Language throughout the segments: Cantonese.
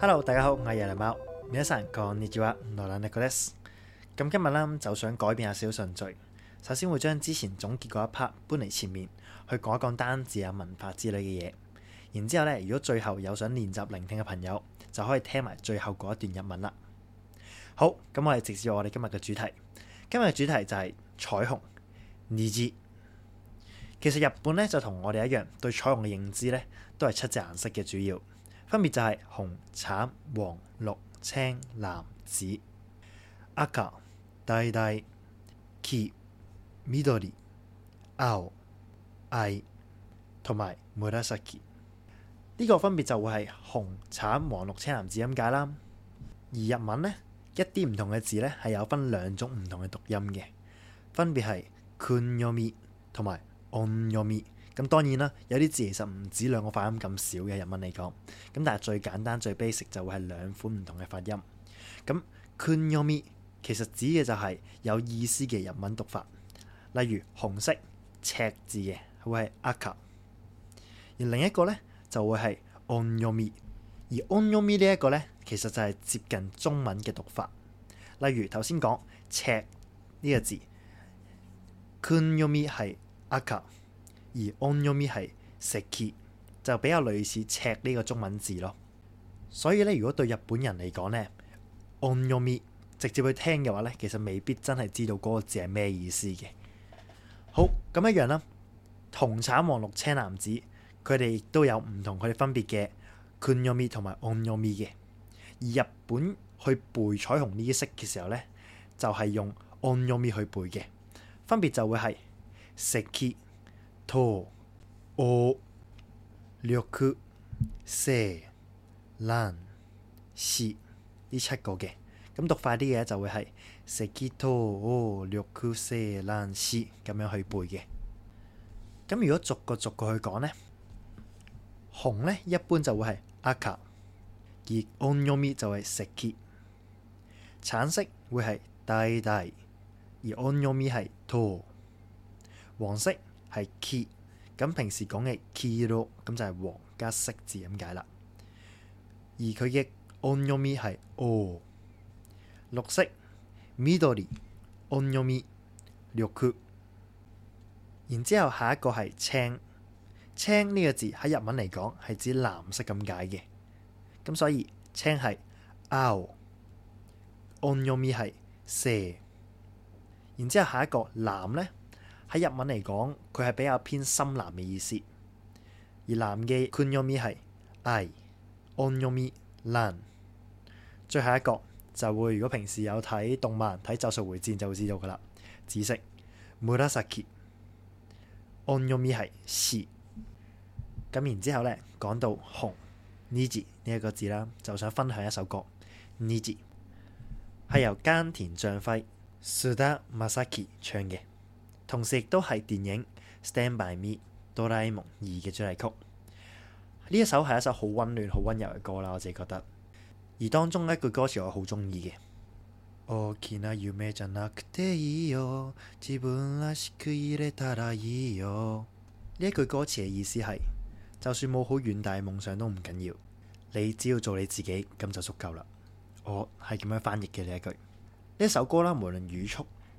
Hello，大家好，我係野良貓，皆さん、こんにちは，のらねこです。咁今日咧就想改變一下小順序，首先會將之前總結過一 part 搬嚟前面，去講一講單字啊、文化之類嘅嘢。然之後咧，如果最後有想練習聆聽嘅朋友，就可以聽埋最後嗰一段日文啦。好，咁我哋直接我哋今日嘅主題，今日嘅主題就係彩虹にじ。其實日本咧就同我哋一樣，對彩虹嘅認知咧都係七隻顏色嘅主要。分別就係紅、橙、黃、綠、青、藍、紫、aka、daidai、ki midori、ao、ai 同埋 murasaki。呢個分別就會係紅、橙、黃、綠、青、藍、紫咁解啦。而日文呢，一啲唔同嘅字呢係有分兩種唔同嘅讀音嘅，分別係 kunyomi 同埋 onyomi。咁當然啦，有啲字其實唔止兩個發音咁少嘅日文嚟講，咁但係最簡單最 basic 就會係兩款唔同嘅發音。咁 kunyomi 其實指嘅就係有意思嘅日文讀法，例如紅色赤字嘅會係 aka，而另一個呢，就會係 onyomi，而 onyomi 呢一個呢，其實就係接近中文嘅讀法，例如頭先講赤呢、這個字 kunyomi 係 aka。而 onyomi 係 seki，就比較類似赤呢個中文字咯。所以咧，如果對日本人嚟講咧，onyomi，直接去聽嘅話咧，其實未必真係知道嗰個字係咩意思嘅。好咁一樣啦、啊，紅橙黃綠青藍紫佢哋亦都有唔同佢哋分別嘅 kunyomi 同埋 onyomi 嘅。而日本去背彩虹呢啲色嘅時候咧，就係、是、用 onyomi 去背嘅，分別就會係 seki。桃、王、綠、青、藍、紫，呢七過嘅，咁讀快啲嘅就會係石結桃、綠青藍紫咁樣去背嘅。咁如果逐個逐個去講呢，紅呢一般就會係阿卡，而 onomi 就係食，結，橙色會係大大，而 onomi 係桃，黃色。係 key，咁平時講嘅 key 咯，咁就係黃加色字咁解啦。而佢嘅 onomi 係 o，綠色，midori onomi 綠曲。然之後下一個係青，青呢個字喺日文嚟講係指藍色咁解嘅。咁所以青係 o，onomi 係蛇。然之後下一個藍咧。喺日文嚟講，佢係比較偏深藍嘅意思。而藍嘅 kunyomi 係 ai，onyomi ran。最後一個就會，如果平時有睇動漫睇《咒術回戰》就會知道噶啦。紫色 murasaki，onyomi 係 shi。咁然之後咧講到虹 niji 呢一、這個字啦，就想分享一首歌 niji 係由菅田將暉 suda masaki 唱嘅。同時亦都係電影《Stand By Me》《哆啦 A 夢》二嘅主題曲。呢一首係一首好溫暖、好溫柔嘅歌啦，我自己覺得。而當中呢一句歌詞我好中意嘅，呢一句歌詞嘅意思係，就算冇好遠大嘅夢想都唔緊要，你只要做你自己咁就足夠啦。我係咁樣翻譯嘅呢一句。呢一首歌啦，無論語速。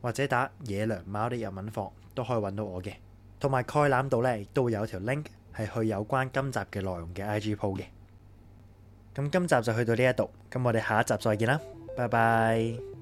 或者打野良貓啲日文課都可以揾到我嘅，同埋概覽度呢，亦都會有條 link 係去有關今集嘅內容嘅 IG 鋪嘅。咁今集就去到呢一度，咁我哋下一集再見啦，拜拜。